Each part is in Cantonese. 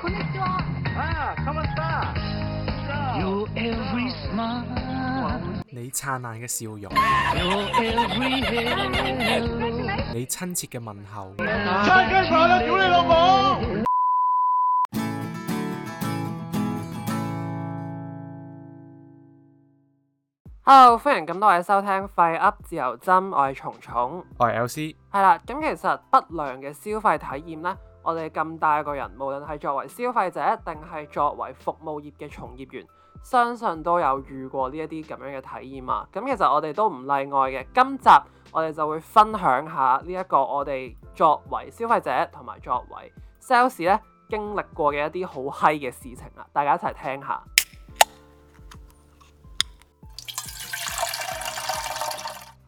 啊啊、你燦爛嘅笑容， 你親切嘅問候。Hello，歡迎咁多位收聽《廢噏自由針》，我係蟲蟲，我係 L C。係啦，咁、 嗯、其實不良嘅消費體驗啦。我哋咁大個人，無論係作為消費者，定係作為服務業嘅從業員，相信都有遇過呢一啲咁樣嘅體驗啊！咁其實我哋都唔例外嘅。今集我哋就會分享下呢一個我哋作為消費者同埋作為 sales 咧經歷過嘅一啲好閪嘅事情啊。大家一齊聽下。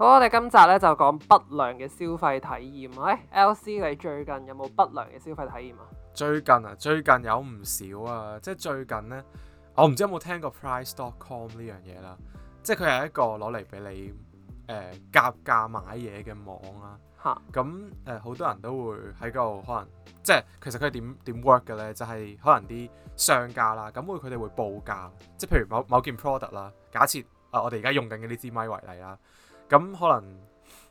好，我哋今集咧就講不良嘅消費體驗。誒、哎、，L C，你最近有冇不良嘅消費體驗啊？最近啊，最近有唔少啊，即係最近呢。我唔知有冇聽過 price dot com 呢樣嘢啦，即係佢係一個攞嚟俾你誒格價買嘢嘅網啦、啊。吓哈，咁誒好多人都會喺度可能，即係其實佢係點點 work 嘅呢，就係、是、可能啲商家啦，咁會佢哋會報價，即係譬如某某件 product 啦，假設啊、呃，我哋而家用緊嘅呢支咪為例啦。咁可能誒、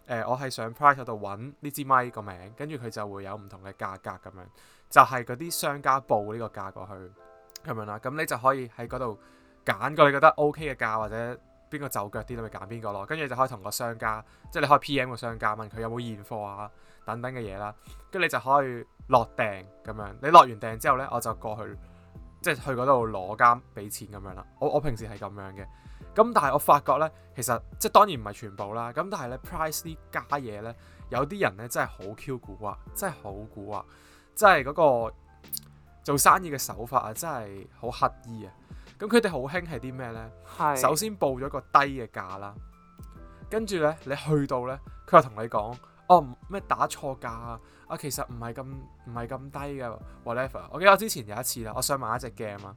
呃，我係上 Price 嗰度揾呢支咪個名，跟住佢就會有唔同嘅價格咁樣，就係嗰啲商家報呢個價過去咁樣啦。咁你就可以喺嗰度揀個你覺得 OK 嘅價，或者邊個就腳啲，咪揀邊個咯。跟住就可以同個商家，即係你可以 PM 個商家問佢有冇現貨啊等等嘅嘢啦。跟住你就可以落訂咁樣。你落完訂之後呢，我就過去即係、就是、去嗰度攞監俾錢咁樣啦。我我平時係咁樣嘅。咁但係我發覺咧，其實即係當然唔係全部啦。咁但係咧，price 啲加嘢咧， 有啲人咧真係好 Q 古惑啊，真係好古惑啊，真係嗰個做生意嘅手法啊，真係好乞意啊。咁佢哋好興係啲咩咧？是首先報咗個低嘅價啦，跟住咧你去到咧，佢又同你講哦咩打錯價啊，啊其實唔係咁唔係咁低嘅 whatever。我記得我之前有一次啦，我想買一隻 game 啊。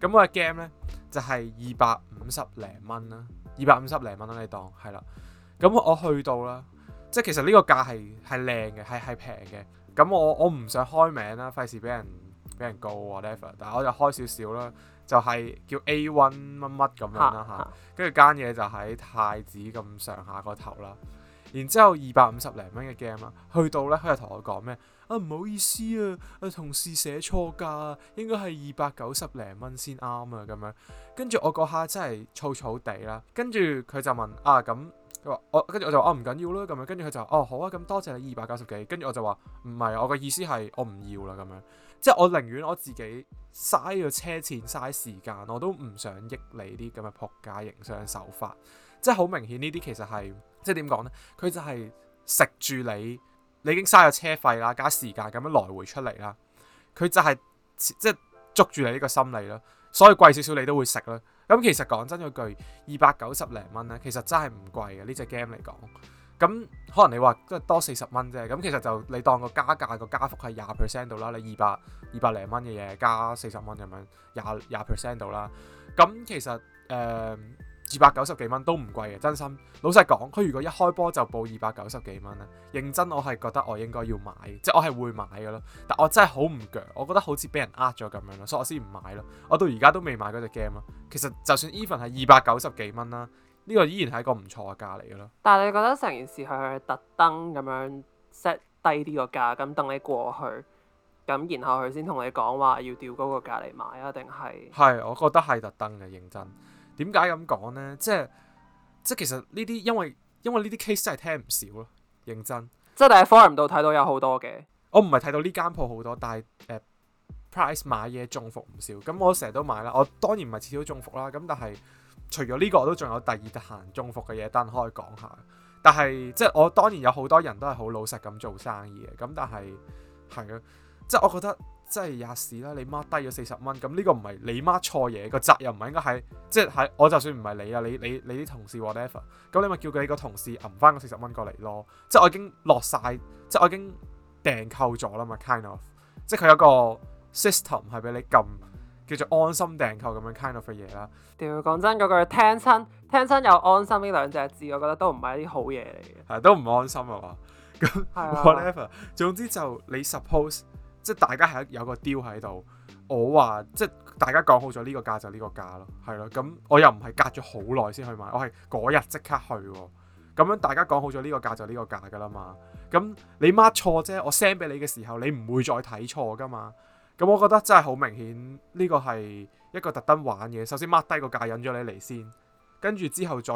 咁嗰個 game 咧就係二百五十零蚊啦，二百五十零蚊啦，你當係啦。咁我去到啦，即係其實呢個價係係靚嘅，係係平嘅。咁我我唔想開名啦，費事俾人俾人告 whatever。但係我就開少少啦，就係、是、叫 A One 乜乜咁樣啦嚇。跟住、啊啊、間嘢就喺太子咁上下個頭啦。然之後二百五十零蚊嘅 game 啦，去到咧佢又同我講咩？啊唔好意思啊，同事寫錯價，應該係二百九十零蚊先啱啊咁樣。跟住我嗰下真係草草地啦。跟住佢就問啊咁，佢話我，跟住我就話啊唔緊要啦咁樣。跟住佢就哦好啊，咁多謝你二百九十幾。跟住我就話唔係，我個意思係我唔要啦咁樣。即係我寧願我自己嘥咗車錢嘥時間，我都唔想益你啲咁嘅仆街營商手法。即係好明顯呢啲其實係即係點講呢？佢就係食住你。你已經嘥咗車費啦，加時間咁樣來回出嚟啦，佢就係即係捉住你呢個心理咯，所以貴少少你都會食咯。咁其實講真句，二百九十零蚊咧，其實真係唔貴嘅呢隻 game 嚟講。咁可能你話即係多四十蚊啫，咁其實就你當個加價個加幅係廿 percent 度啦。你二百二百零蚊嘅嘢加四十蚊咁樣，廿廿 percent 度啦。咁其實誒。呃二百九十幾蚊都唔貴嘅，真心老實講，佢如果一開波就報二百九十幾蚊咧，認真我係覺得我應該要買，即係我係會買嘅咯。但我真係好唔腳，我覺得好似俾人呃咗咁樣咯，所以我先唔買咯。我到而家都未買嗰隻 game 咯。其實就算 even 係二百九十幾蚊啦，呢個依然係一個唔錯嘅價嚟嘅咯。但係你覺得成件事係佢特登咁樣 set 低呢個價，咁等你過去，咁然後佢先同你講話要調高個價嚟買啊？定係係，我覺得係特登嘅，認真。點解咁講呢？即係即係，其實呢啲因為因為呢啲 case 真係聽唔少咯，認真。即係喺 form 度睇到有好多嘅。我唔係睇到呢間鋪好多，但係、呃、price 買嘢中伏唔少。咁我成日都買啦。我當然唔係次次都中伏啦。咁但係除咗呢個，我都仲有第二行中伏嘅嘢，等可以講下。但係即係我當然有好多人都係好老實咁做生意嘅。咁但係係咯，即係我覺得。即係吔屎啦，你孖低咗四十蚊，咁呢個唔係你孖錯嘢，個責任唔係應該係即係，我就算唔係你啊，你你你啲同事 whatever，咁你咪叫佢呢個同事揞翻個四十蚊過嚟咯。即係我已經落晒，即係我已經訂購咗啦嘛，kind of，即係佢有個 system 係俾你撳，叫做安心訂購咁樣 kind of 嘅嘢啦。屌，講真嗰句，聽親聽親又安心呢兩隻字，我覺得都唔係一啲好嘢嚟嘅。係、啊、都唔安心啊嘛，咁、啊、whatever，總之就你 suppose。即係大家係有個 deal 喺度，我話即係大家講好咗呢個價就呢個價咯，係咯，咁我又唔係隔咗好耐先去買，我係嗰日即刻去，咁樣大家講好咗呢個價就呢個價噶啦嘛，咁你 mark 錯啫，我 send 俾你嘅時候你唔會再睇錯噶嘛，咁我覺得真係好明顯呢個係一個特登玩嘅，首先 mark 低個價引咗你嚟先，跟住之後再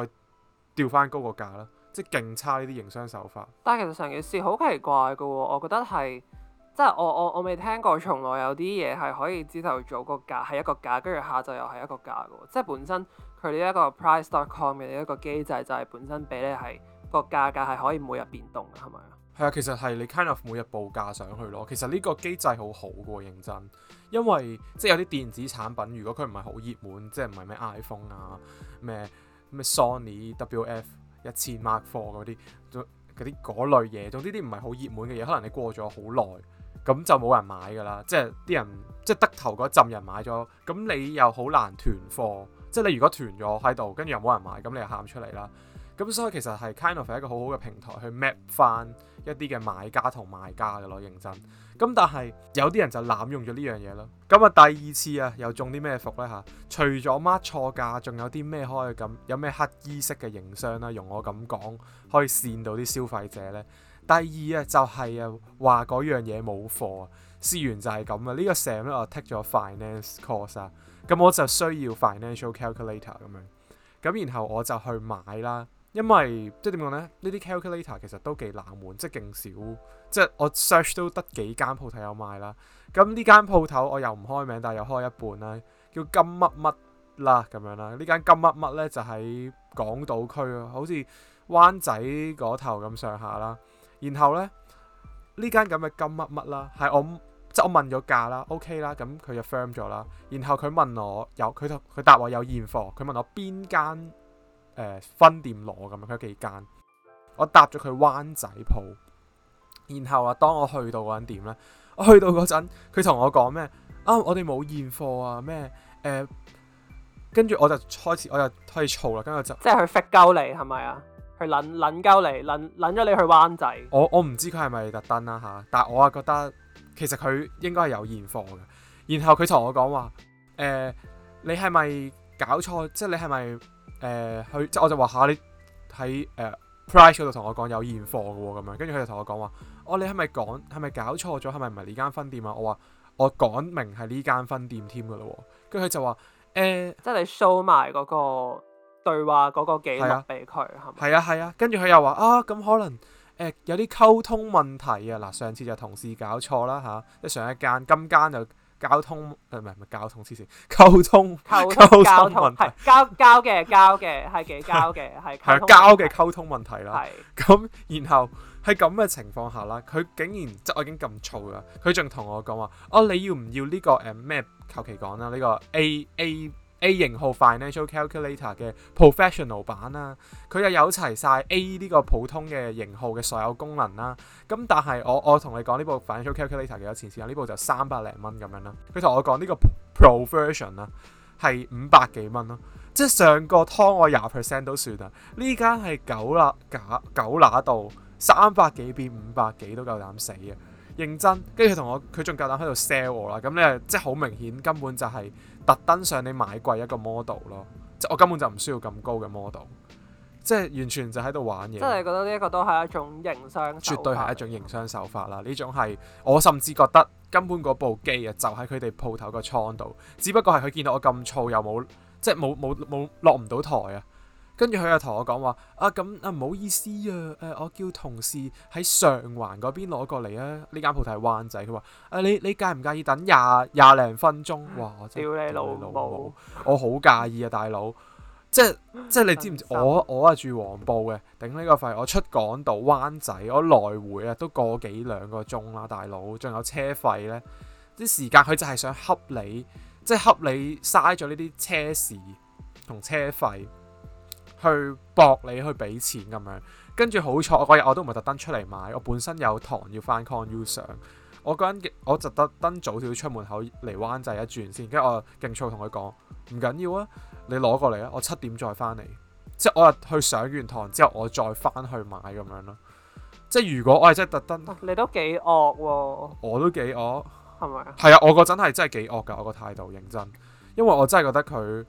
調翻高個價啦，即係勁差呢啲營商手法。但係其實成件事好奇怪噶，我覺得係。即係我我我未聽過，從來有啲嘢係可以朝頭早個價係一個價，跟住下晝又係一個價嘅喎。即係本身佢呢一個 price dot com 嘅一個機制就係本身俾你係個價格係可以每日變動，係咪啊？係啊，其實係你 kind of 每日報價上去咯。其實呢個機制好好嘅喎，認真，因為即係有啲電子產品，如果佢唔係好熱門，即係唔係咩 iPhone 啊、咩咩 Sony、W F 一千 Mark Four 嗰啲，嗰啲嗰類嘢，總之啲唔係好熱門嘅嘢，可能你過咗好耐。咁就冇人買㗎啦，即係啲人即係得頭嗰陣人買咗，咁你又好難囤貨，即係你如果囤咗喺度，跟住又冇人買，咁你又喊出嚟啦。咁所以其實係 kind of 係一個好好嘅平台去 map 翻一啲嘅買家同賣家嘅咯，認真。咁但係有啲人就濫用咗呢樣嘢咯。咁啊，第二次啊，又中啲咩伏咧吓，除咗 mark 錯價，仲有啲咩可以咁？有咩黑衣式嘅營商咧？用我咁講，可以騙到啲消費者咧？第二啊，就係啊，話嗰樣嘢冇貨啊，試完就係咁啊。呢個 sem 咧，我 take 咗 finance course 啊，咁我就需要 financial calculator 咁樣，咁然後我就去買啦。因為即係點講咧，呢啲 calculator 其實都幾冷門，即係勁少，即係我 search 都得幾間鋪頭有賣啦。咁呢間鋪頭我又唔開名，但係又開一半啦，叫金乜乜啦咁樣啦。呢間金乜乜咧就喺港島區啊，好似灣仔嗰頭咁上下啦。然後呢，呢間咁嘅金乜乜啦，係我即係、就是、我問咗價啦，OK 啦，咁佢就 firm 咗啦。然後佢問我有佢就佢答我有現貨，佢問我邊間誒、呃、分店攞咁，佢有幾間，我答咗佢灣仔鋪。然後啊，當我去到嗰陣點呢，我去到嗰陣佢同我講咩啊？我哋冇現貨啊咩？誒、跟、呃、住我就開始我就開始嘈啦，跟住就即係佢 f 甩鳩你係咪啊？去撚撚鳩你，撚撚咗你去灣仔。我我唔知佢係咪特登啦吓，但係我啊覺得其實佢應該係有現貨嘅。然後佢同我講話，誒、呃、你係咪搞錯？即係你係咪誒佢？即係我就話吓、啊、你喺誒、呃、price 嗰度同我講有現貨嘅喎、啊，咁樣跟住佢就同我講話，哦你係咪講係咪搞錯咗？係咪唔係呢間分店啊？我話我講明係呢間分店添㗎咯。跟住佢就話誒，呃、即係你 show 埋嗰、嗰個對話嗰個記錄俾佢，係咪？係啊係啊，跟住佢又話啊，咁可能誒有啲溝通問題啊！嗱，上次就同事搞錯啦嚇，即上一間，今間就交通唔係唔係交通黐線，溝通溝通問題，交交嘅交嘅係幾交嘅係係交嘅溝通問題啦。係咁，然後喺咁嘅情況下啦，佢竟然即我已經咁躁啦，佢仲同我講話啊，你要唔要呢個誒咩？求其講啦，呢個 A A。A 型號 financial calculator 嘅 professional 版啦、啊，佢又有齊晒 A 呢個普通嘅型號嘅所有功能啦、啊。咁但係我我同你講呢部 financial calculator 幾多錢先啊？呢部就三百零蚊咁樣啦。佢同我講呢個 professional 啦，係五百幾蚊咯。即係上個湯我廿 percent 都算啦。呢間係九喇假九喇度，三百幾變五百幾都夠膽死啊！認真，跟住佢同我，佢仲夠膽喺度 sell 我啦。咁你，即係好明顯，根本就係特登上你買貴一個 model 咯。即我根本就唔需要咁高嘅 model，即係完全就喺度玩嘢。即係覺得呢一個都係一種營商，絕對係一種營商手法啦。呢種係我甚至覺得根本嗰部機啊，就喺佢哋鋪頭個倉度，只不過係佢見到我咁燥，又冇即係冇冇冇落唔到台啊。跟住佢又同我講話啊，咁啊唔好意思啊，誒、啊、我叫同事喺上環嗰邊攞過嚟啊。呢間鋪頭係灣仔，佢話啊，你你介唔介意等廿廿零分鐘？哇！屌你老母！我好介意啊，大佬，即即你知唔知深我我係住黃埔嘅，頂呢個費，我出港島灣仔，我來回啊都過幾兩個鐘啦，大佬，仲有車費呢？啲時間佢就係想恰你，即恰你嘥咗呢啲車時同車費。去搏你去俾錢咁樣，跟住好彩我嗰日我都唔係特登出嚟買，我本身有堂要翻 Con U 上，上，我嗰陣我就特登早少出門口嚟灣仔一轉先，跟住我勁燥同佢講唔緊要啊，你攞過嚟啊，我七點再翻嚟，即係我去上完堂之後我再翻去買咁樣咯。即係如果我係真係特登，你都幾惡喎？我都幾惡，係咪啊？係啊，我嗰陣係真係幾惡㗎，我個態度認真，因為我真係覺得佢。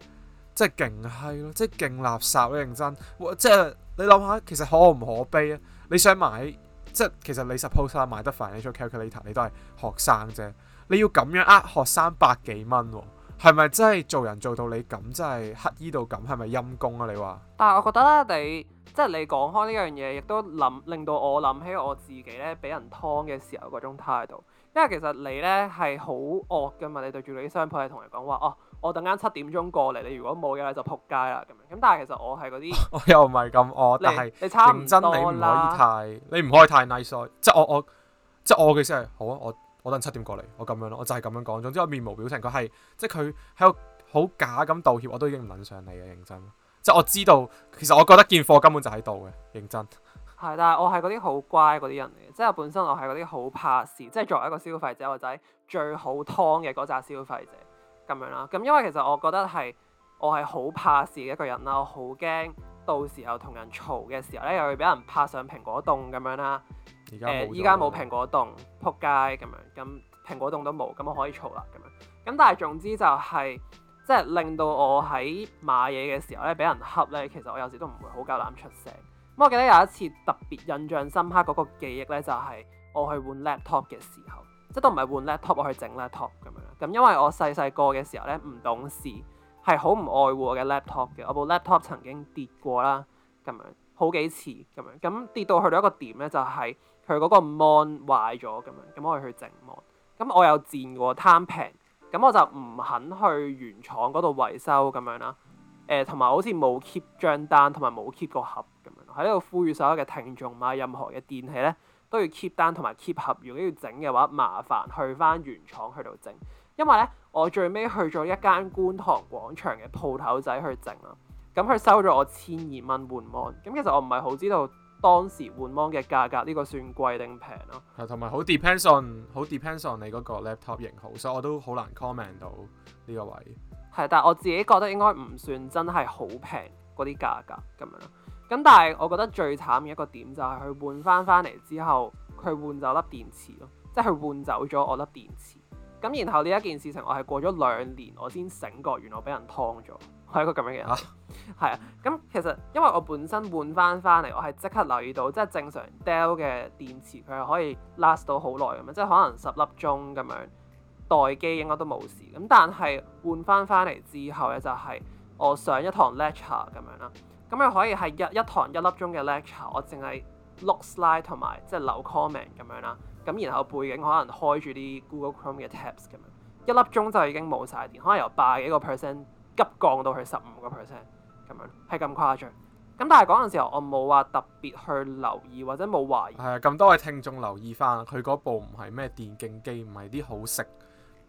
即係勁閪咯，即係勁垃圾咯，認真！哇，即係你諗下，其實可唔可悲啊？你想買，即係其實你 suppose 下買得返呢張 calculator，你都係學生啫。你要咁樣呃學生百幾蚊，係咪真係做人做到你咁，真係乞衣到咁？係咪陰功啊？你話？但係我覺得呢你即係、就是、你講開呢樣嘢，亦都諗令到我諗起我自己咧，俾人劏嘅時候嗰種態度。因為其實你咧係好惡㗎嘛，你對住你啲商鋪係同人講話哦。我等陣七點鐘過嚟，你如果冇嘅咧就仆街啦咁樣。咁但係其實我係嗰啲， 我又唔係咁惡，你但係是認真你唔可以太， 你唔可以太 nice 即係我我即係我嘅意思係好啊。我我，我，我等七點過嚟，我咁樣咯，我就係咁樣講。總之我面無表情，佢係即係佢喺度好假咁道歉，我都已經唔捻上你嘅。認真，即係我知道，其實我覺得件貨根本就喺度嘅。認真係， 但係我係嗰啲好乖嗰啲人嚟嘅，即係本身我係嗰啲好怕事，即係作為一個消費者，或者最好劏嘅嗰紮消費者。咁樣啦，咁因為其實我覺得係我係好怕事嘅一個人啦，我好驚到時候同人嘈嘅時候咧，又會俾人拍上蘋果洞咁樣啦。誒、呃，依家冇蘋果洞，撲街咁樣，咁蘋果洞都冇，咁我可以嘈啦咁樣。咁但係總之就係、是、即係令到我喺買嘢嘅時候咧，俾人恰咧，其實我有時都唔會好夠膽出聲。咁我記得有一次特別印象深刻嗰個記憶咧，就係我去換 laptop 嘅時候。即都唔係換 laptop 去整 laptop 咁樣，咁因為我細細個嘅時候咧唔懂事，係好唔愛護我嘅 laptop 嘅。我部 laptop 曾經跌過啦，咁樣好幾次咁樣，咁跌到去到一個點咧，就係佢嗰個 mon 壞咗咁樣，咁我去去整 mon。咁我又賤過，貪平，咁我就唔肯去原廠嗰度維修咁樣啦。誒、呃，同埋好似冇 keep 張單，同埋冇 keep 個盒咁樣。喺呢度呼籲所有嘅聽眾買任何嘅電器咧。都要 keep 單同埋 keep 盒，如果要整嘅話麻煩去翻原廠去度整，因為咧我最尾去咗一間觀塘廣場嘅鋪頭仔去整啦，咁、嗯、佢收咗我千二蚊換芒。o、嗯、咁其實我唔係好知道當時換芒嘅價格呢、呢個算貴定平咯。係，同埋好 depends on，好 depends on 你嗰個 laptop 型號，所以我都好難 comment 到呢個位。係，但係我自己覺得應該唔算真係好平嗰啲價格咁樣咯。咁但係我覺得最慘嘅一個點就係佢換翻翻嚟之後，佢換走粒電池咯，即係佢換走咗我粒電池。咁然後呢一件事情我，我係過咗兩年我先醒覺，原來我俾人劏咗，我係一個咁樣嘅人。係啊， 咁其實因為我本身換翻翻嚟，我係即刻留意到，即係正常 Dell 嘅電池佢係可以 last 到好耐咁樣，即係可能十粒鐘咁樣待機應該都冇事。咁但係換翻翻嚟之後咧，就係、是、我上一堂 lecture 咁樣啦。咁又可以係一一堂一粒鐘嘅 lecture，我淨係 look slide 同埋即係留 comment 咁樣啦。咁然後背景可能開住啲 Google Chrome 嘅 tabs 咁樣，一粒鐘就已經冇晒電，可能由百幾個 percent 急降到去十五個 percent 咁樣，係咁誇張。咁但係嗰陣時候我冇話特別去留意或者冇懷疑。係啊，咁多位聽眾留意翻，佢嗰部唔係咩電競機，唔係啲好食。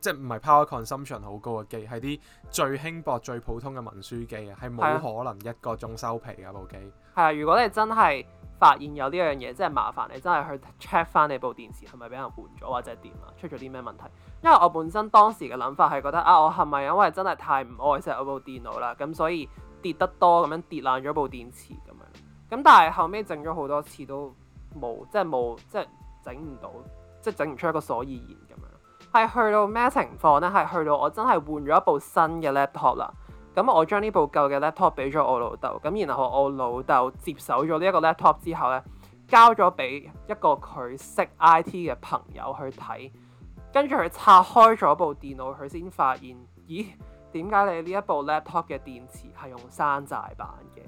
即係唔係 power consumption 好高嘅機，係啲最輕薄、最普通嘅文書機啊，係冇可能一個鐘收皮啊！部機係啊，如果你真係發現有呢樣嘢，即係麻煩你真係去 check 翻你部電池，係咪俾人換咗或者點啊，出咗啲咩問題？因為我本身當時嘅諗法係覺得啊，我係咪因為真係太唔愛惜我部電腦啦？咁所以跌得多咁樣跌爛咗部電池咁樣。咁但係後尾整咗好多次都冇，即係冇，即係整唔到，即係整唔出一個所以然咁樣。係去到咩情況呢？係去到我真係換咗一部新嘅 laptop 啦。咁我將呢部舊嘅 laptop 俾咗我老豆。咁然後我老豆接手咗呢一個 laptop 之後呢交咗俾一個佢識 IT 嘅朋友去睇。跟住佢拆開咗部電腦，佢先發現，咦？點解你呢一部 laptop 嘅電池係用山寨版嘅？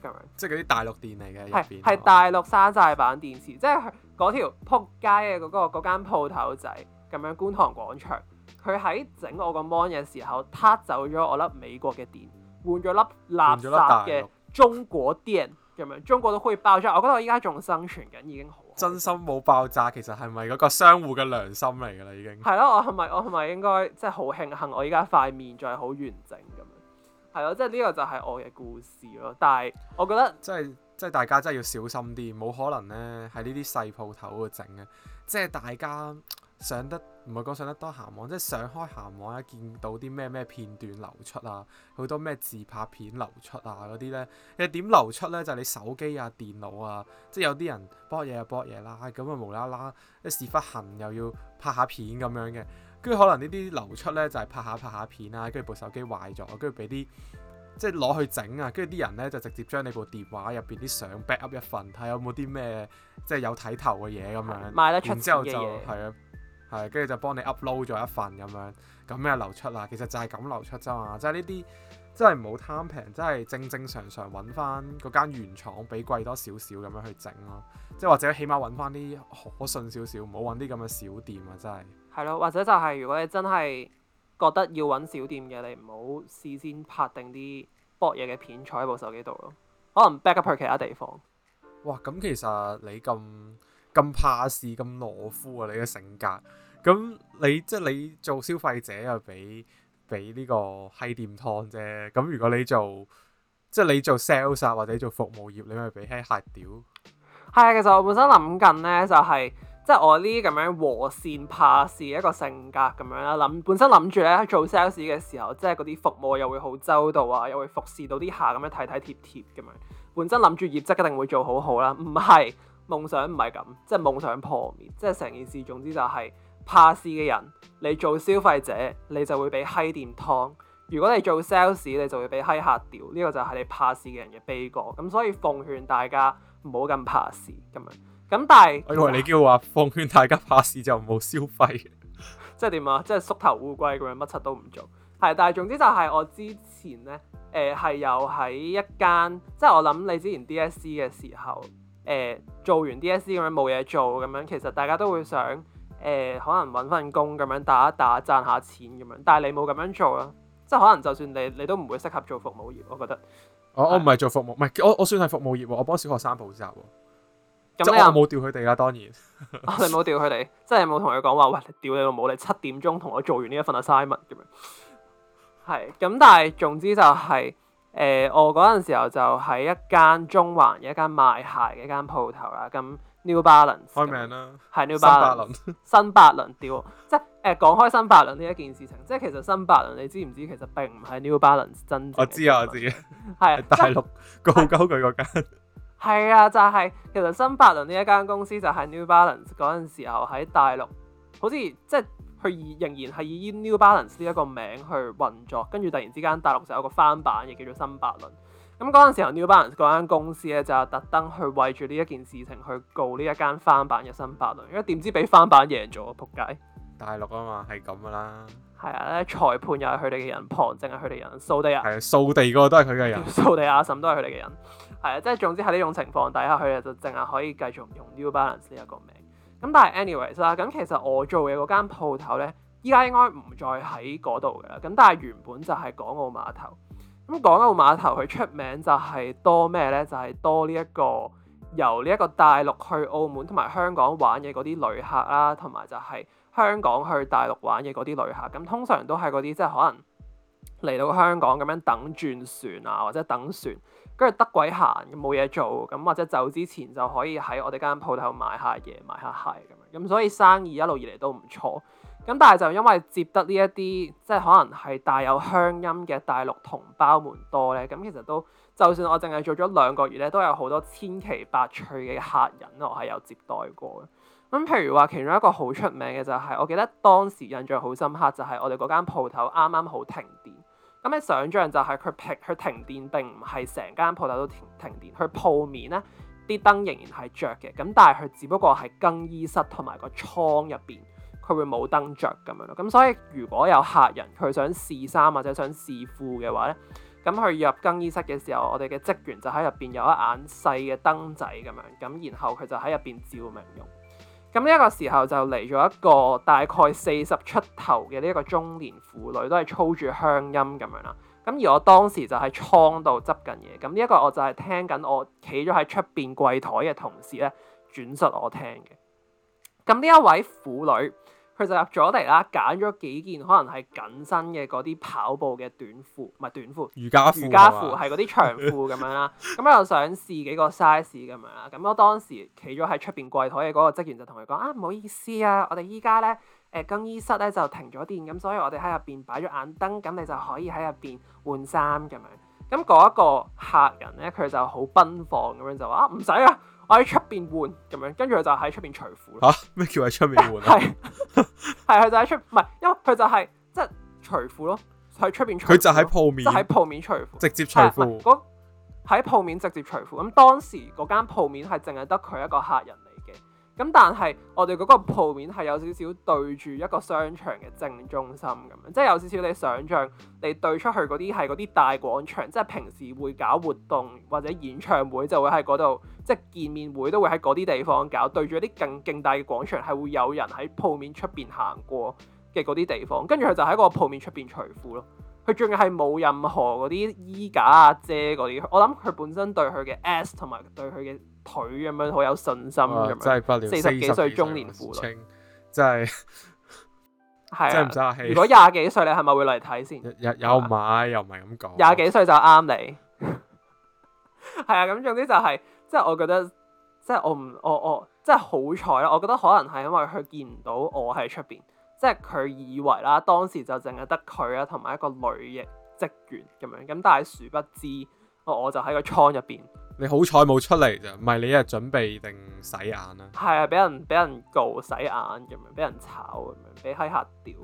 咁樣即係嗰啲大陸電嚟嘅入邊，係大陸山寨版電池，電池 即係嗰條仆街嘅嗰、嗰個嗰間鋪頭仔。咁樣觀塘廣場，佢喺整我個 mon 嘅時候，撻走咗我粒美國嘅電，換咗粒垃圾嘅中國電咁樣，中國都可以爆炸。我覺得我依家仲生存緊已經好，真心冇爆炸。其實係咪嗰個商戶嘅良心嚟噶啦已經？係咯，我係咪我係咪應該即係好慶幸我依家塊面仲係好完整咁樣？係咯，即係呢個就係我嘅故事咯。但係我覺得即係即係大家真係要小心啲，冇可能咧喺呢啲細鋪頭度整嘅，即係大家。上得唔係講上得多鹹網，即係上開鹹網咧，見到啲咩咩片段流出啊，好多咩自拍片流出啊嗰啲呢。你點流出呢？就係你手機啊、電腦啊，即係有啲人博嘢啊、博嘢啦，咁啊無啦啦，一屎忽痕又要拍下片咁樣嘅，跟住可能呢啲流出呢，就係拍下拍下片啊，跟住部手機壞咗，跟住俾啲即係攞去整啊，跟住啲人呢，就直接將你部電話入邊啲相 backup 一份，睇有冇啲咩即係有睇頭嘅嘢咁樣，賣得出嘅嘢。 係，跟住就幫你 upload 咗一份咁樣，咁咩流出啦？其實就係咁流出啫嘛，即係呢啲真係唔好貪平，真係正正常常揾翻嗰間原廠，畀貴多少少咁樣去整咯，啊。即係或者起碼揾翻啲可信少少，唔好揾啲咁嘅小店啊！真係。係咯，或者就係如果你真係覺得要揾小店嘅，你唔好事先拍定啲博嘢嘅片，坐喺部手機度咯，可能 backup 去其他地方。哇！咁其實你咁～咁怕事咁懦夫啊！你嘅性格。咁你即係你做消費者又俾俾呢個欺店湯啫。咁如果你做即係你做 sales 或者做服務業，你咪俾欺客屌。係啊，其實我本身諗緊呢，就係即係我呢啲咁樣和善怕事一個性格，咁樣啦。諗本身諗住呢，做 sales 嘅時候，即係嗰啲服務又會好周到啊，又會服侍到啲客咁樣睇睇貼貼咁樣。本身諗住業績一定會做好好啦，唔係。夢想唔係咁，即係夢想破滅，即係成件事。總之就係、是、怕事嘅人，你做消費者你就會被閪店劏；如果你做 sales，你就會被閪客屌。呢、這個就係你怕事嘅人嘅悲歌。咁所以奉勸大家唔好咁怕事咁樣。咁但係我以為你叫話 奉勸大家怕事就唔好消費 ，即係點啊？即係縮頭烏龜咁樣，乜柒都唔做。係，但係總之就係我之前呢，誒、呃、係有喺一間，即係我諗你之前 DSE 嘅時候。誒、呃，做完 D.S.E. 咁樣冇嘢做，咁樣其實大家都會想，誒、呃，可能搵份工咁樣打一打，賺下錢咁樣。但係你冇咁樣做咯，即係可能就算你，你都唔會適合做服務業。我覺得，我唔係是做服務，唔係我我算係服務業，我幫小學生補習。咁你冇調佢哋啊？當然， 哦、你冇調佢哋，即係冇同佢講話，喂，你調你老母！你七點鐘同我做完呢一份 assignment 咁樣。係，咁但係總之就係、是。誒，我嗰陣時候就喺一間中環嘅一間賣鞋嘅一間鋪頭啦。咁 New Balance 開名啦，係 New Balance 新百巴倫。 屌，即係誒講開新百倫呢一件事情，即係其實新百倫你知唔知其實並唔係 New Balance 真正？我知啊，我知 啊，係啊、 就係，大陸告鳩佢嗰間。係 啊，就係、係、其實新百倫呢一間公司就係 New Balance 嗰陣時候喺大陸，好似即係。就係就係佢仍然係以 New Balance 呢一個名去運作，跟住突然之間大陸就有個翻版，亦叫做新百倫。咁嗰陣時候 New Balance 嗰間公司咧就特登去為住呢一件事情去告呢一間翻版嘅新百倫，因為點知俾翻版贏咗，仆街！大陸啊嘛，係咁噶啦。係啊，咧裁判又係佢哋嘅人，旁淨係佢哋人，掃地呀，掃地個都係佢嘅人，掃地阿嬸都係佢哋嘅人。係啊，即係總之喺呢種情況底下，佢哋就淨係可以繼續用 New Balance 呢一個名。咁但係 anyways 啦，咁其實我做嘅嗰間鋪頭咧，依家應該唔再喺嗰度嘅啦。咁但係原本就係港澳碼頭。咁港澳碼頭佢出名就係多咩咧？就係多呢一個由呢一個大陸去澳門同埋香港玩嘅嗰啲旅客啦，同埋就係香港去大陸玩嘅嗰啲旅客。咁通常都係嗰啲即係可能嚟到香港咁樣等轉船啊，或者等船。跟住得鬼閒，冇嘢做，咁或者走之前就可以喺我哋間鋪頭買下嘢，買下鞋咁樣。咁所以生意一路以嚟都唔錯。咁但係就因為接得呢一啲，即係可能係帶有鄉音嘅大陸同胞們多咧，咁其實都就算我淨係做咗兩個月咧，都有好多千奇百趣嘅客人我係有接待過嘅。咁譬如話，其中一個好出名嘅就係，我記得當時印象好深刻，就係我哋嗰間鋪頭啱啱好停電。咁你想像就係佢停，佢停電並唔係成間鋪頭都停，停電，佢鋪面咧啲燈仍然係着嘅。咁但係佢只不過係更衣室同埋個倉入邊佢會冇燈着咁樣咯。咁所以如果有客人佢想試衫或者想試褲嘅話咧，咁佢入更衣室嘅時候，我哋嘅職員就喺入邊有一盞細嘅燈仔咁樣，咁然後佢就喺入邊照明用。咁呢一個時候就嚟咗一個大概四十出頭嘅呢一個中年婦女，都係操住鄉音咁樣啦。咁而我當時就喺倉度執緊嘢，咁呢一個我就係聽緊我企咗喺出邊櫃台嘅同事咧轉述我聽嘅。咁呢一位婦女。佢就入咗嚟啦，揀咗幾件可能係緊身嘅嗰啲跑步嘅短褲，唔係短褲，瑜伽褲，瑜伽褲係嗰啲長褲咁 樣啦。咁我又想試幾個 size 咁樣啦。咁我當時企咗喺出邊櫃台嘅嗰個職員就同佢講：啊，唔好意思啊，我哋依家咧誒更衣室咧就停咗電，咁所以我哋喺入邊擺咗眼燈，咁你就可以喺入邊換衫咁樣。咁嗰一個客人咧，佢就好奔放咁樣就話：啊，唔使啊！我喺出邊換咁樣，跟住佢就喺出邊除褲咯。嚇？咩叫喺出面換啊？係係佢就喺出唔係，因為佢就係即係除褲咯，喺出邊除。佢就喺鋪面。即喺鋪面除褲。直接除褲。嗰喺鋪面直接除褲。咁當時嗰間鋪面係淨係得佢一個客人。咁但係我哋嗰個鋪面係有少少對住一個商場嘅正中心咁樣，即係有少少你想像你對出去嗰啲係嗰啲大廣場，即係平時會搞活動或者演唱會就會喺嗰度，即係見面會都會喺嗰啲地方搞，對住一啲更勁大嘅廣場係會有人喺鋪面出邊行過嘅嗰啲地方，跟住佢就喺個鋪面出邊除褲咯，佢仲要係冇任何嗰啲衣架啊、遮嗰啲，我諗佢本身對佢嘅 S 同埋對佢嘅。佢咁樣好有信心咁樣，uh，四十幾歲中年婦女，真係係真唔扎氣。如果廿幾歲，你係咪會嚟睇先？又又唔係又唔係咁講，廿幾歲就啱你。係啊，咁總之就係，即係我覺得，即係我唔我我即係好彩咯。我覺得可能係因為佢見唔到我喺出邊，即係佢以為啦，當時就淨係得佢啊，同埋一個女役職員咁樣。咁但係殊不知。我就喺個倉入邊，你好彩冇出嚟咋，唔係你一日準備定洗眼啦？係啊，俾人俾人告洗眼咁樣，俾人炒咁樣，俾閪嚇屌，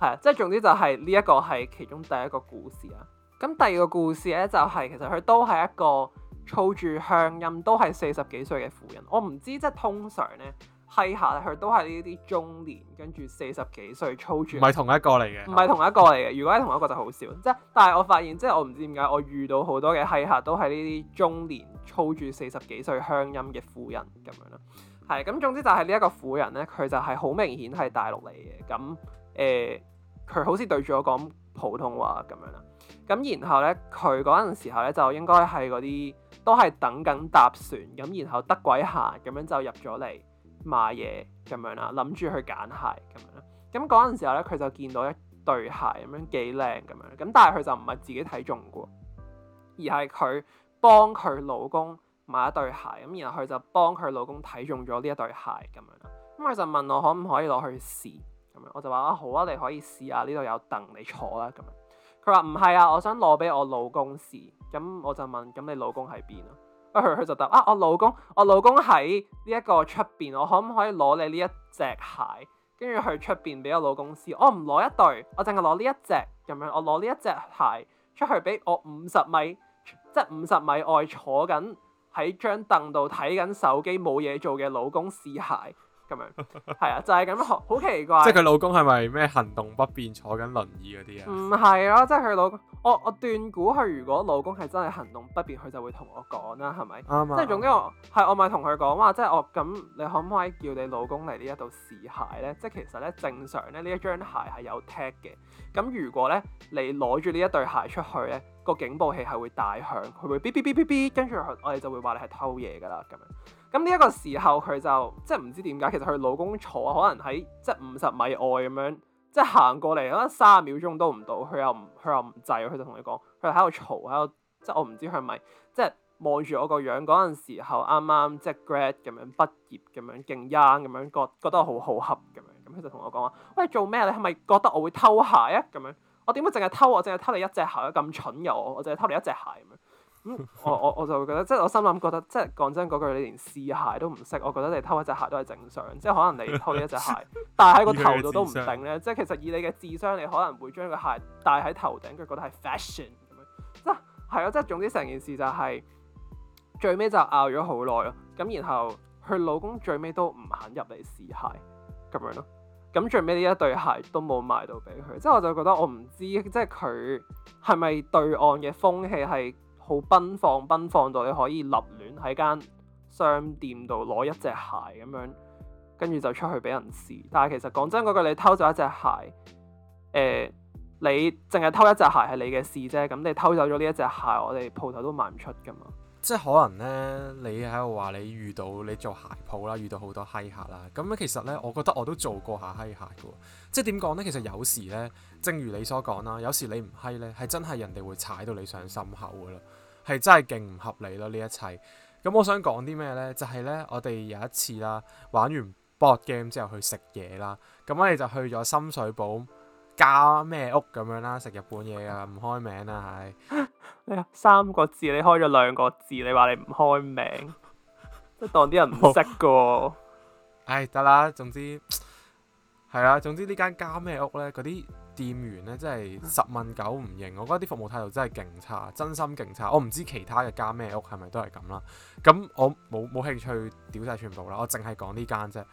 係啊，即係總之就係呢一個係其中第一個故事啦、啊。咁第二個故事咧就係、係、其實佢都係一個操住鄉音，都係四十幾歲嘅婦人。我唔知即係通常咧。批下佢都係呢啲中年，跟住四十幾歲操住，唔係同一個嚟嘅，唔係同一個嚟嘅。吧如果係同一個就好笑，即、就、係、是。但係我發現，即、就、係、是、我唔知點解我遇到好多嘅批下都係呢啲中年操住四十幾歲鄉音嘅婦人咁樣咯。係咁，總之就係呢一個婦人咧，佢就係好明顯係大陸嚟嘅。咁誒，佢、呃、好似對住我講普通話咁樣啦。咁然後咧，佢嗰陣時候咧就應該係嗰啲都係等緊搭船咁，然後得鬼閒咁樣就入咗嚟。買嘢咁樣啦，諗住去揀鞋咁樣啦。咁嗰陣時候咧，佢就見到一對鞋咁樣幾靚咁樣。咁但係佢就唔係自己睇中過，而係佢幫佢老公買一對鞋。咁然後佢就幫佢老公睇中咗呢一對鞋咁樣啦。咁佢就問我可唔可以攞去試？咁樣我就話啊好啊，你可以試下呢度有凳你坐啦。咁樣佢話唔係啊，我想攞俾我老公試。咁我就問咁你老公喺邊啊？佢佢就答：「啊！我老公，我老公喺呢一個出邊，我可唔可以攞你呢一隻鞋，跟住去出邊俾我老公試？我唔攞一對，我淨係攞呢一隻咁樣，我攞呢一隻鞋出去俾我五十米，即五十米外坐緊喺張凳度睇緊手機冇嘢做嘅老公試鞋。咁樣係啊，就係、是、咁樣好，好奇怪。即係佢老公係咪咩行動不便坐緊輪椅嗰啲啊？唔係啊，即係佢老公我我斷估佢如果老公係真係行動不便，佢、啊就是、就會同我講啦，係咪？啱 即係總之我係我咪同佢講話，即係我咁，你可唔可以叫你老公嚟呢一度試鞋咧？ 即係其實咧正常咧呢一張鞋係有踢嘅。咁如果咧你攞住呢一對鞋出去咧，個警報器係會大響，佢會嗶嗶嗶嗶咇，跟住我哋就會話你係偷嘢㗎啦咁樣。咁呢一個時候，佢就即係唔知點解，其實佢老公坐可能喺即係五十米外咁樣，即係行過嚟可能三十秒鐘都唔到，佢又唔，佢又唔制，佢就同你講，佢喺度嘈喺度，即係我唔知佢係咪即係望住我個樣嗰陣時候剛剛，啱啱即係 grad 咁樣畢業咁樣勁 young 咁樣，覺得覺得我好好恰咁樣，咁佢就同我講話：喂，做咩？你係咪覺得我會偷鞋啊？咁樣我點會淨係偷？我淨係偷你一隻鞋咁蠢又我，我淨係偷你一隻鞋咁樣。嗯， 我我我就會覺得，即係我心諗覺得，即係講真嗰句，你連試鞋都唔識，我覺得你偷一隻鞋都係正常。 即係可能你偷一隻鞋，但喺 個頭度都唔定咧。 即係其實以你嘅智商，你可能會將個鞋戴喺頭頂，佢覺得係 fashion 咁樣，即係係咯。即係總之成件事就係、是、最尾就拗咗好耐咯。咁然後佢老公最尾都唔肯入嚟試鞋咁樣咯。咁最尾呢一對鞋都冇賣到俾佢。即係我就覺得我唔知，即係佢係咪對岸嘅風氣係。好奔放，奔放到你可以立亂喺間商店度攞一隻鞋咁樣，跟住就出去俾人試。但係其實講真嗰句，你偷走一隻鞋，誒、呃，你淨係偷一隻鞋係你嘅事啫。咁你偷走咗呢一隻鞋，我哋鋪頭都賣唔出噶嘛。即係可能呢，你喺度話你遇到你做鞋鋪啦，遇到好多閪客啦。咁其實呢，我覺得我都做過下閪客噶。即係點講呢？其實有時呢，正如你所講啦，有時你唔閪呢，係真係人哋會踩到你上心口噶啦。係真係勁唔合理咯，呢一切，咁我想講啲咩呢？就係、是、呢，我哋有一次啦，玩完 board game 之後去食嘢啦，咁我哋就去咗深水埗加咩屋咁樣啦，食日本嘢噶，唔開名啦係、哎，三個字你開咗兩個字，你話你唔開名，都 當啲人唔識㗎。唉、 哎，得啦，總之。係啊，總之呢間加咩屋呢？嗰啲店員呢，真係十問九唔認，我覺得啲服務態度真係勁差，真心勁差。我唔知其他嘅加咩屋係咪都係咁啦。咁我冇冇興趣屌晒全部啦，我淨係講呢間啫，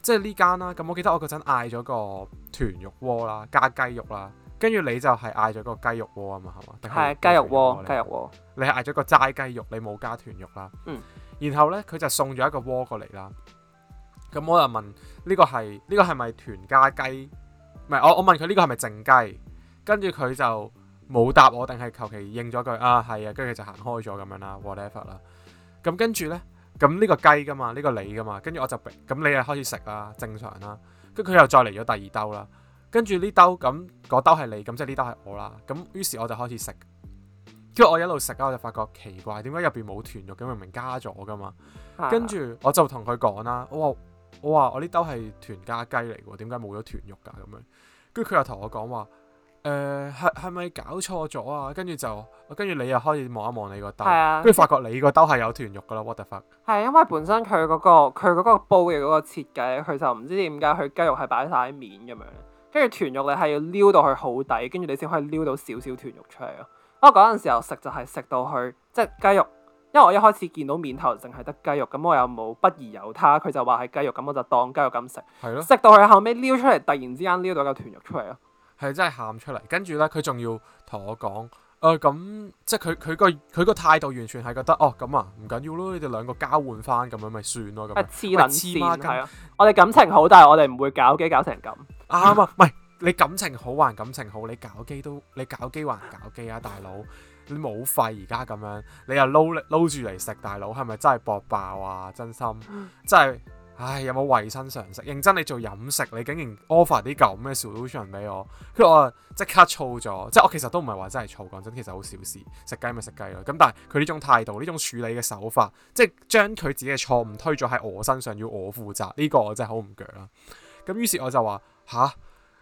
即係呢間啦。咁我記得我嗰陣嗌咗個豚肉鍋啦，加雞肉啦，跟住你就係嗌咗個雞肉鍋啊嘛，係嘛？係是雞肉鍋，雞肉鍋。你係嗌咗個齋雞肉，你冇加豚肉啦。嗯、然後呢，佢就送咗一個鍋過嚟啦。咁我又問呢個係呢個係咪團家雞？唔係，我我問佢呢個係咪淨雞？跟住佢就冇答我，定係求其應咗句啊係啊，跟住就行開咗咁樣啦，whatever 啦。咁跟住呢，咁呢個雞噶嘛，呢個你噶嘛，跟住我就俾咁你又開始食啦，正常啦。跟住佢又再嚟咗第二兜啦，跟住呢兜咁嗰兜係你，咁即係呢兜係我啦。咁於是我就開始食，跟住我一路食咧，我就發覺奇怪，點解入邊冇團肉嘅？明明加咗噶嘛。跟住我就同佢講啦，我話我呢兜係豚加雞嚟喎，點解冇咗豚肉噶？咁樣，跟住佢又同我講話，誒係係咪搞錯咗啊？跟住就，跟住你又開始望一望你個兜，跟住是、啊、發覺你個兜係有豚肉噶啦。What the fuck?、啊、因為本身佢嗰、嗰個佢嗰個煲嘅嗰個設計，佢就唔知點解佢雞肉係擺晒喺面咁樣，跟住豚肉你係要撩到佢好底，跟住你先可以撩到少少豚肉出嚟咯。我嗰陣時候食就係食到去，即係雞肉。因為我一開始見到面頭淨係得雞肉，咁我又冇不疑有他，佢就話係雞肉，咁我就當雞肉咁食。係咯、啊，食到佢後尾撩出嚟，突然之間撩到嚿豚肉出嚟咯。係真係喊出嚟，呢跟住咧，佢仲要同我講，誒咁，即係佢佢個佢個態度完全係覺得，哦咁啊，唔緊要咯，你哋兩個交換翻，咁樣咪算咯咁。黐撚線，我哋感情好，但係我哋唔會搞基搞成咁。啱啊，唔係、啊、你感情好還感情好，你搞基都你搞基還搞基啊，大佬。你冇肺而家咁樣，你又撈撈住嚟食大佬，係咪真係搏爆啊？真心真係，唉，有冇衞生常識？認真你做飲食，你竟然 offer 啲咁嘅 solution 俾我，跟住我即刻燥咗。即係我其實都唔係話真係燥，講真，其實好小事，食雞咪食雞咯。咁但係佢呢種態度、呢種處理嘅手法，即係將佢自己嘅錯誤推咗喺我身上，要我負責，呢個我真係好唔鋸啦。咁於是我就話：吓，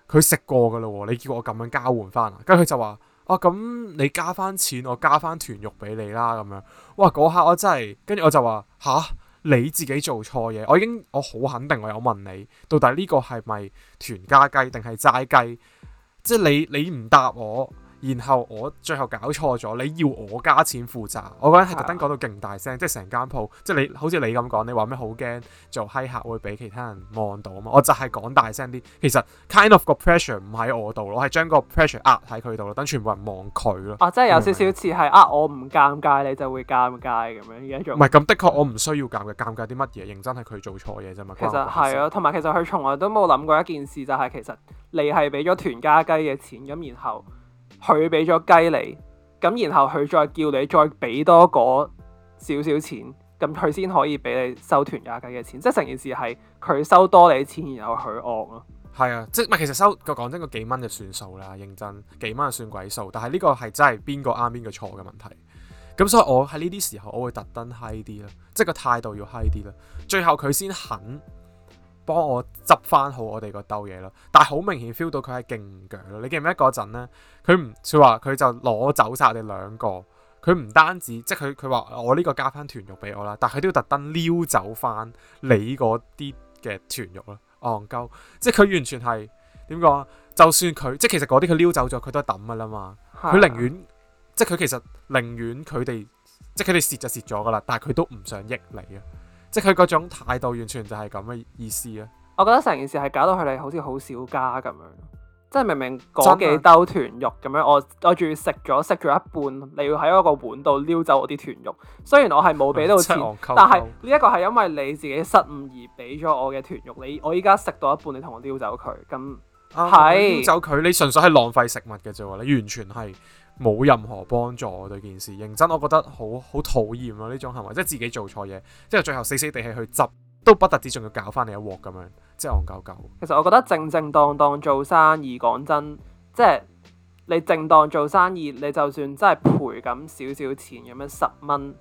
佢食過噶啦喎，你叫我咁樣交換翻啊？跟住佢就話。啊，咁你加翻錢，我加翻團肉俾你啦咁樣。哇，嗰刻我真係，跟住我就話吓，你自己做錯嘢，我已經我好肯定我有問你，到底呢個係咪團加雞定係齋雞？即係你你唔答我。然後我最後搞錯咗，你要我加錢負責。我覺得係特登講到勁大聲，啊、即係成間鋪，即係你好似你咁講，你話咩好驚做黑客會俾其他人望到啊嘛？我就係講大聲啲。其實 kind of 個 pressure 唔喺我度咯，我係將個 pressure 壓喺佢度咯，等全部人望佢咯。啊，即係有少少似係啊，我唔尷尬，你就會尷尬咁樣。而家做唔係咁，的確，我唔需要尷尬尷尬啲乜嘢，認真係佢做錯嘢啫嘛。其實係啊，同埋其實佢從來都冇諗過一件事，就係、是、其實你係俾咗團家雞嘅錢咁，然後。佢俾咗雞你，咁然後佢再叫你再俾多個少少錢，咁佢先可以俾你收團押雞嘅錢。即係成件事係佢收多你錢，然後佢惡咯。係啊，即係其實收個講真個幾蚊就算數啦，認真幾蚊就算鬼數。但係呢個係真係邊個啱邊個錯嘅問題。咁所以我喺呢啲時候，我會特登嗨啲啦，即係個態度要嗨啲啦。最後佢先肯。幫我執翻好我哋個兜嘢咯，但係好明顯 feel 到佢係勁腳咯。你記唔記得嗰陣咧？佢唔，佢話佢就攞走晒我哋兩個。佢唔單止，即係佢佢話我呢個加翻豚肉俾我啦，但係佢都要特登撩走翻你嗰啲嘅豚肉咯。戇、哦、鳩，即係佢完全係點講？就算佢，即係其實嗰啲佢撩走咗，佢都係抌噶啦嘛。佢的寧願，即係佢其實寧願佢哋，即係佢哋蝕就蝕咗噶啦，但係佢都唔想益你啊。即佢嗰種態度完全就係咁嘅意思啊！我覺得成件事係搞到佢哋好似好小家咁樣，即係明明嗰幾兜豚肉咁樣，的我我仲要食咗食咗一半，你要喺我個碗度撩走我啲豚肉。雖然我係冇俾到錢，嗯、溝溝但係呢一個係因為你自己失誤而俾咗我嘅豚肉。你我依家食到一半，你同我撩走佢咁係撩走佢，你純粹係浪費食物嘅啫喎！你完全係。冇任何幫助、啊、對件事，認真我覺得好好討厭啊！呢種行為，即係自己做錯嘢，即係最後死死地氣去執，都不特止仲要搞翻你一鑊咁樣，即係戇鳩鳩。其實我覺得正正當當做生意，講真，即係你正當做生意，你就算真係賠咁少少錢咁樣，十蚊。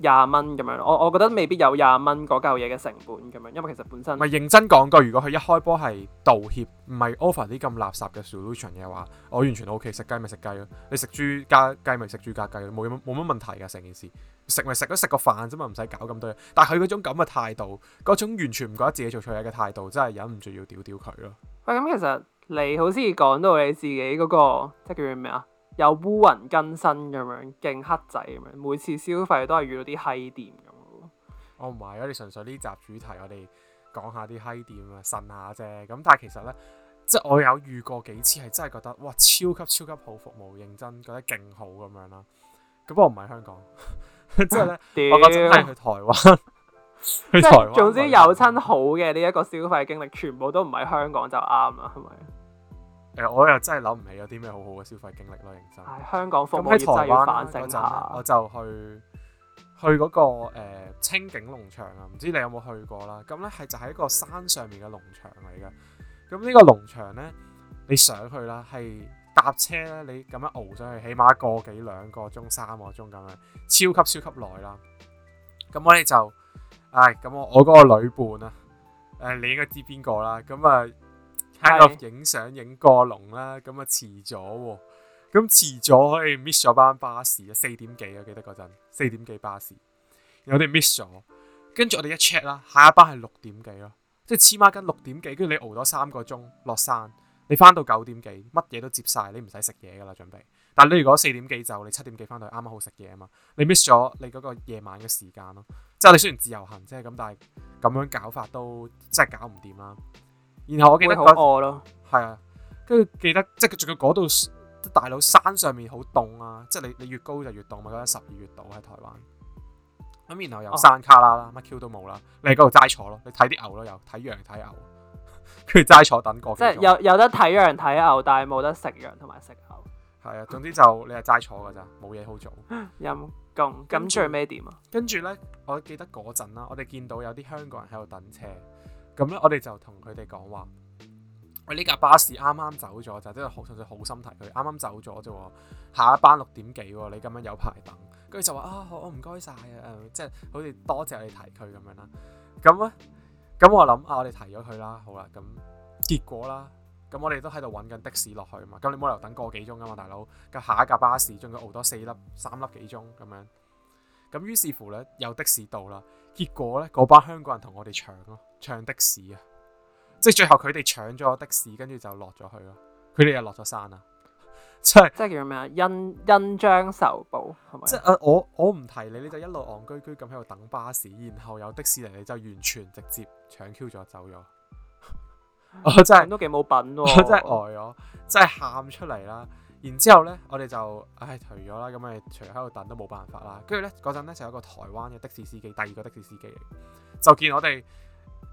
廿蚊咁樣，我我覺得未必有廿蚊嗰嚿嘢嘅成本咁樣，因為其實本身唔係認真講句，如果佢一開波係道歉，唔係 offer 啲咁垃圾嘅 solution 嘅話，我完全 OK。食雞咪食雞咯，你食豬加雞咪食豬加雞，冇冇乜問題㗎。成件事，食咪食咗食個飯啫嘛，唔使搞咁多嘢。但係佢嗰種咁嘅態度，嗰種完全唔覺得自己做錯嘢嘅態度，真係忍唔住要屌屌佢咯。喂，咁其實你好似講到你自己嗰個，即叫咩？有烏雲更新咁樣，勁黑仔咁樣，每次消費都係遇到啲閪店咁。我唔係啊，你純粹呢集主題我一一，我哋講下啲閪店啊，神下啫。咁但係其實咧，即係我有遇過幾次，係真係覺得哇，超級超級好服務，認真覺得勁好咁樣啦。咁我唔喺香港，即係咧，嗯、我覺得真係去台灣，即 灣總之有親好嘅呢一個消費經歷，全部都唔喺香港就啱啦，係咪？誒、呃，我又真係諗唔起有啲咩好好嘅消費經歷啦，認真。係、哎、香港，咁喺台灣、啊，我就去去嗰、那個、呃、清境農場啊，唔知你有冇去過啦、啊？咁咧係就係一個山上面嘅農場嚟㗎。咁呢個農場咧，你上去啦，係搭車咧，你咁樣熬上去，起碼個幾兩個鐘、三個鐘咁樣，超級超級耐啦。咁我哋就唉，咁、哎、我我嗰個女伴啊，誒、呃，你應該知邊個啦？咁啊。喺度影相影過龍啦，咁啊遲咗，咁遲咗可以 miss 咗班巴士啊，四點幾啊記得嗰陣，四點幾巴士，我哋 miss 咗，跟住我哋一 check 啦，下一班係六點幾咯，即係黐孖筋六點幾，跟住你熬咗三個鐘落山，你翻到九點幾，乜嘢都接晒，你唔使食嘢噶啦，準備。但係你如果四點幾就，你七點幾翻到，啱啱好食嘢啊嘛，你 miss 咗你嗰個夜晚嘅時間咯，即係我哋雖然自由行啫，咁但係咁樣搞法都真係搞唔掂啦。然後我記得好餓咯，係啊，跟住記得即係佢仲要嗰度，大佬山上面好凍啊！即係你你越高就越凍，咪嗰陣十二月度喺台灣。咁然後又山卡拉啦，乜 Q、哦、都冇啦，你喺嗰度齋坐咯，你睇啲牛咯，又睇羊睇牛，佢 齋坐等過。即係、就是、種有有得睇羊睇牛，但係冇得食羊同埋食牛。係啊，總之就 你係齋坐㗎咋，冇嘢好做。咁咁最尾點啊？跟住咧，我記得嗰陣啦，我哋見到有啲香港人喺度等車。咁咧，我哋就同佢哋講話，我、哎、呢架巴士啱啱走咗，就真、是、係純粹好心提佢，啱啱走咗啫。下一班六點幾喎，你咁樣有排等。佢就話「啊，我唔該晒。」啊，嗯、即係好似多謝你提佢咁樣啦。咁咧，咁我諗啊，我哋提咗佢啦，好啦，咁結果啦，咁我哋都喺度揾緊的士落去啊嘛。咁你冇理由等個幾鐘㗎嘛，大佬。咁下一架巴士仲要熬多四粒、三粒幾鐘咁樣。咁於是乎咧，有的士到啦。結果咧，嗰班香港人同我哋搶咯，搶的士啊，即係最後佢哋搶咗的士，跟住就落咗去咯。佢哋又落咗山啊， 就是、即係即係叫做咩啊？恩恩將仇報係咪？即係誒，我我唔提你，你就一路戇居居咁喺度等巴士，然後有的士嚟，你就完全直接搶 Q 咗走咗 的。 我真係都幾冇品，真係呆咗，真係喊出嚟啦！然之後呢，我哋就唉，退咗啦。咁咪除喺度等都冇辦法啦。跟住呢，嗰陣呢就有一個台灣嘅的，的士司機，第二個的士司機，就見我哋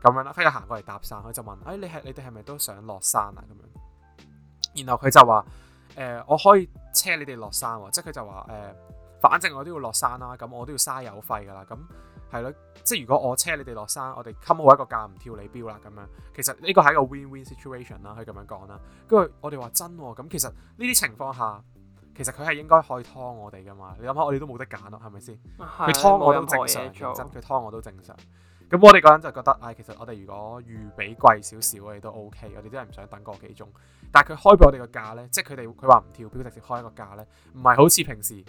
咁樣啦，佢就行過嚟搭訕，佢就問：，誒，你係你哋係咪都想落山啊？咁樣。然後佢就話：，誒、哎啊呃，我可以車你哋落山啊！即係佢就話：，誒、呃，反正我都要落山啦、啊，咁我都要嘥油費噶啦，咁。係咯，即係如果我車你哋落山，我哋 c 好一個價唔跳你表啦，咁樣其實呢個係一個 win win situation 啦，可以咁樣講啦。跟住我哋話真，咁其實呢啲情況下，其實佢係應該可以拖我哋噶嘛。你諗下，我哋都冇得揀咯，係咪先？佢拖我都正常，佢拖我都正常。咁、嗯、我哋個人就覺得，唉、哎，其實我哋如果預比貴少少，我哋都 OK。我哋真人唔想等個幾鐘，但係佢開俾我哋個價呢，即係佢哋佢話唔跳表，直接開一個價呢，唔係好似平時，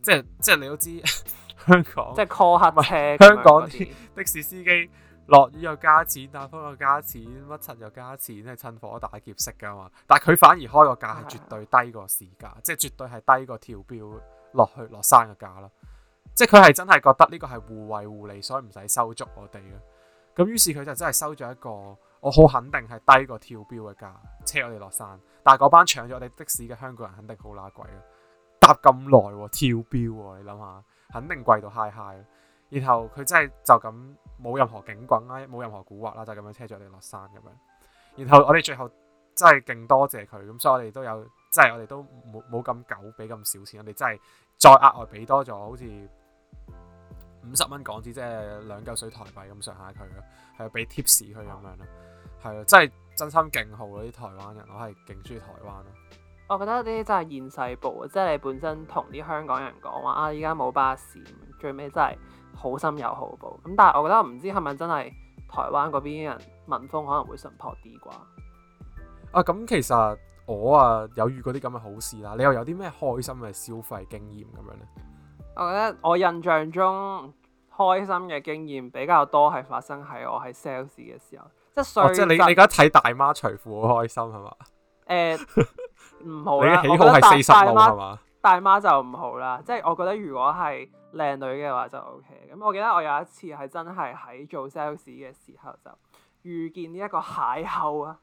即係即係你都知。 香港即係 call 黑車是，香港的，的士司機落雨又加錢，打風又加錢，乜春又加錢，係趁火打劫式噶嘛。但係佢反而開個價係絕對低過市價， 即係絕對係低過跳錶落去落山嘅價咯。即係佢係真係覺得呢個係互惠互利，所以唔使收足我哋咯。咁於是佢就真係收咗一個我好肯定係低過跳錶嘅價車我哋落山。但係嗰班搶咗我哋的士嘅香港人肯定好乸鬼咯，搭咁耐、啊、跳錶喎、啊，你諗下。肯定貴到嗨嗨，然後佢真係就咁冇任何警棍啦，冇任何古惑啦，就咁樣車住我哋落山咁樣。然後我哋最後真係勁多謝佢，咁所以我哋都有，即係我哋都冇冇咁久俾咁少錢，我哋真係再額外俾多咗，好似五十蚊港紙，即係兩嚿水台幣咁上下佢咯，係俾貼士佢咁樣咯，啊、嗯，真係真心勁好嗰啲台灣人，我係勁中意台灣咯。我覺得呢啲真係，現世報，即係你本身同啲香港人講話啊，依家冇巴士，最尾真係好心有好報。咁但係我覺得唔知係咪真係台灣嗰邊人民風可能會淳樸啲啩？啊，咁其實我啊有遇過啲咁嘅好事啦。你又有啲咩開心嘅消費經驗咁樣呢？我覺得我印象中開心嘅經驗比較多係發生喺我喺 sales 嘅時候，即係衰、哦。即係你而家睇大媽除褲好開心係嘛？誒、欸。 唔好嘅喜好係四十度係嘛？大媽就唔好啦，即係我覺得如果係靚女嘅話就 OK。咁我記得我有一次係真係喺做 sales 嘅時候就遇見呢一個邂逅啊。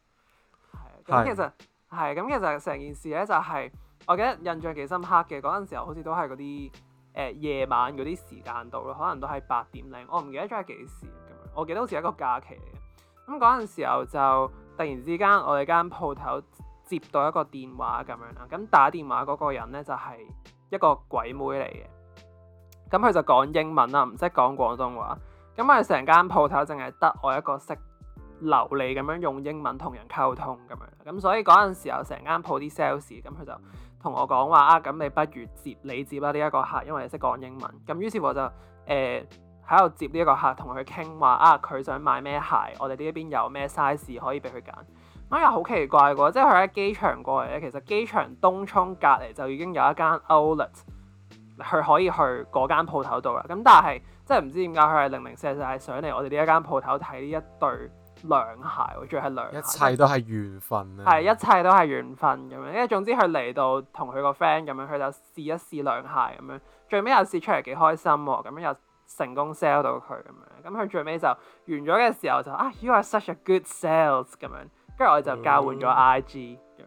係咁其實係咁是其實成件事咧就係、是、我記得印象幾深刻嘅嗰陣時候好似都係嗰啲誒夜晚嗰啲時間度咯，可能都係八點零，我唔記得咗係幾時咁樣。我記得好似一個假期嚟嘅。咁嗰陣時候就突然之間我哋間鋪頭。接到一個電話咁樣啦，咁打電話嗰個人咧就係一個鬼妹嚟嘅，咁佢就講英文啦，唔識講廣東話。咁佢成間鋪頭淨係得我一個識流利咁樣用英文同人溝通咁樣，咁所以嗰陣時候成間鋪啲 sales 咁佢就同我講話啊，咁你不如接你接啦呢一個客，因為你識講英文。咁於是我就誒喺度接呢一個客，同佢傾話啊，佢想買咩鞋？我哋呢一邊有咩 size 可以俾佢揀。我又好奇怪喎，即係佢喺機場過嚟咧，其實機場東涌隔離就已經有一間 Outlet，佢可以去嗰間鋪頭度啦。咁但係即係唔知點解佢係零零四四係上嚟我哋呢一間鋪頭睇呢一對涼鞋喎，仲要係涼鞋。一切都係緣分啊！係，一切都係緣分咁樣。因為總之佢嚟到同佢個 friend 咁樣，佢就試一試涼鞋咁樣，最尾又試出嚟幾開心喎，咁樣又成功 sell 到佢咁樣。咁佢最尾就完咗嘅時候就啊，ah, You are such a good sales 咁樣。跟住我就交換咗 I.G. 幾、嗯、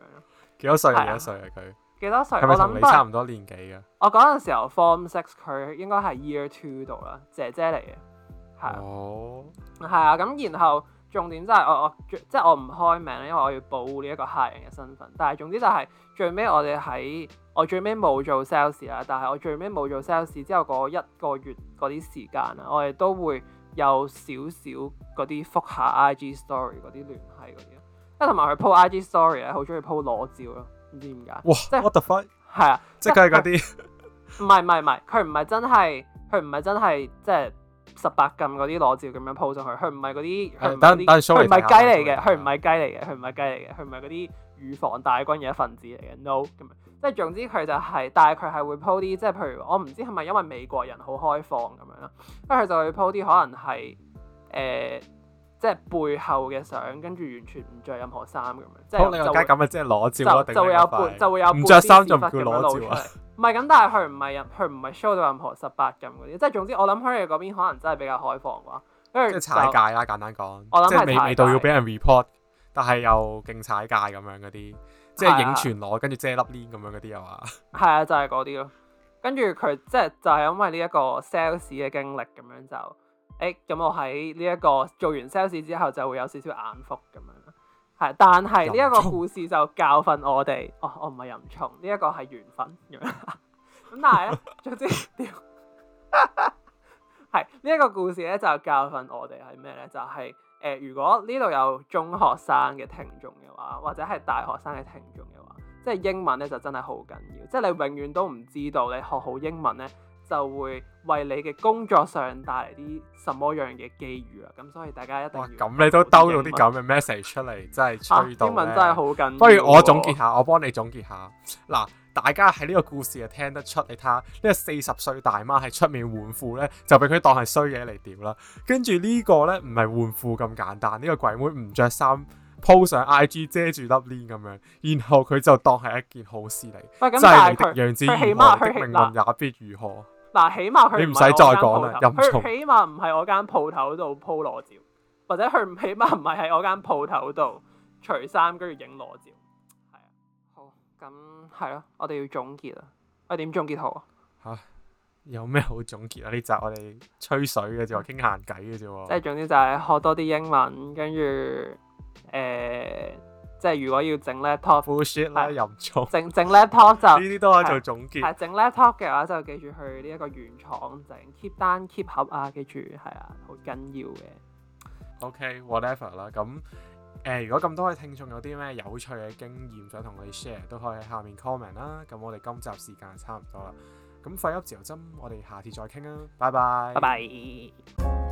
幾多歲？幾多歲啊？佢幾、啊、多歲、啊？我諗你差唔多年紀嘅。我嗰陣時候 form six，佢應該係 year two 度啦，姐姐嚟嘅係啊，係、哦、啊。咁然後重點真係我我，我即係我唔開名，因為我要保護呢一個客人嘅身份。但係總之就，就係最尾我哋喺我最尾冇做 sales 啦。但係我最尾冇做 sales 之後嗰一個月嗰啲時間啊，我哋都會有少少嗰啲覆下 I.G. story 嗰啲聯繫嗰啲。同埋佢 po IG story 咧，好中意 po 裸照咯，唔知點解。哇！即係 What the fuck？係啊，即係佢嗰啲，唔係唔係唔係，佢唔係真係，佢唔係真係即係十八禁嗰啲裸照咁樣 po 上去，佢唔係嗰啲。佢唔係雞嚟嘅，佢唔係雞嚟嘅，佢唔係雞嚟嘅，佢唔係嗰啲預防大軍嘅一份子嚟嘅。No 咁啊！即係總之佢就係、是，但係佢係會 po 啲，即係譬如我唔知係咪因為美國人好開放咁樣，因為佢就去 po 啲可能係誒。呃呃即係背後嘅相，跟住完全唔着任何衫咁樣，即係就裸照會有背，就會有唔着衫就唔叫裸照啊。唔係咁，但係佢唔係佢唔係 show 到任何十八咁嗰啲。即係總之，我諗 Harry 嗰邊可能真係比較開放啩。跟住即係踩界啦，簡單講，我諗即係未到要俾人 report，但係又勁踩界咁樣嗰啲，即係影全裸跟住遮粒 link 咁樣嗰啲又嘛。係啊，就係嗰啲咯。跟住佢即係就係因為呢一個 sales 嘅經歷咁樣就。咁、欸、我喺呢一個做完 sales 之後就會有少少眼福咁樣，係，但係呢一個故事就教訓我哋，聰哦，我唔係淫蟲，呢、這、一個係緣分咁樣，咁但係咧， 總之，係呢一個故事咧就教訓我哋係咩咧？就係、是、誒、呃，如果呢度有中學生嘅聽眾嘅話，或者係大學生嘅聽眾嘅話，即係英文咧就真係好緊要，即係你永遠都唔知道你學好英文咧，就會為你嘅工作上帶嚟啲什麼樣嘅機遇啊？咁所以大家一定要。哇！咁你都兜用啲咁嘅 message 出嚟，真係吹到英文、啊、真係好緊。不如我總結下，我幫你總結下嗱，大家喺呢個故事啊聽得出，你睇下呢個四十歲大媽喺出面換褲咧，就俾佢當係衰嘢嚟屌啦。跟住呢個咧唔係換褲咁簡單，呢、呢個鬼妹唔着衫 po 上 IG 遮住粒 o u 咁樣，然後佢就當係一件好事嚟，即係你嘅樣子嘅何命運也必如何？嗱，起碼佢唔使再講啦，佢起碼唔係我間鋪頭度鋪裸照，或者佢唔起碼唔係喺我間鋪頭度除衫跟住影裸照。係啊，好，咁係咯，我哋要總結啊。我點總結好啊？嚇、 啊，有咩好總結啊？呢集我哋吹水嘅啫，傾閒偈嘅啫。即係總之就係學多啲英文，跟住誒。哎即係如果要整 laptop，full shit 啦，又唔是重做。整整 laptop 就呢啲 都可以做總結。係整 laptop 嘅話，就記住去呢一個原廠整 ，keep down keep 盒啊，記住係啊，好緊要嘅。OK，whatever、okay, 啦。咁誒、呃，如果咁多位聽眾有啲咩有趣嘅經驗，想同我哋 share，都可以喺下面 comment 啦。咁我哋今集時間差唔多啦。咁廢一針自由針，我哋下次再傾啊！拜拜，拜拜。